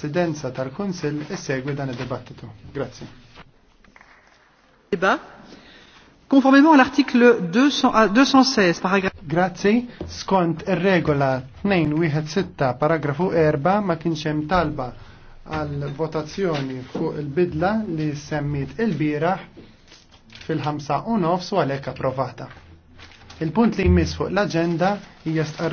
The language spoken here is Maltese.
presidenza tal-Kunsill issegwi dan id-dibattitu. Grazzi. Diba. Konformément l'article 216 paragraf. Grazzi, skont ir-regola 216 paragrafu erba' ma kienx hemm talba għal votazzjoni fuq il-bidla li semmit il-biraħ fil ħamsa u nofs u għalhekk approvata. Il-punt li jmiss fuq l agenda hija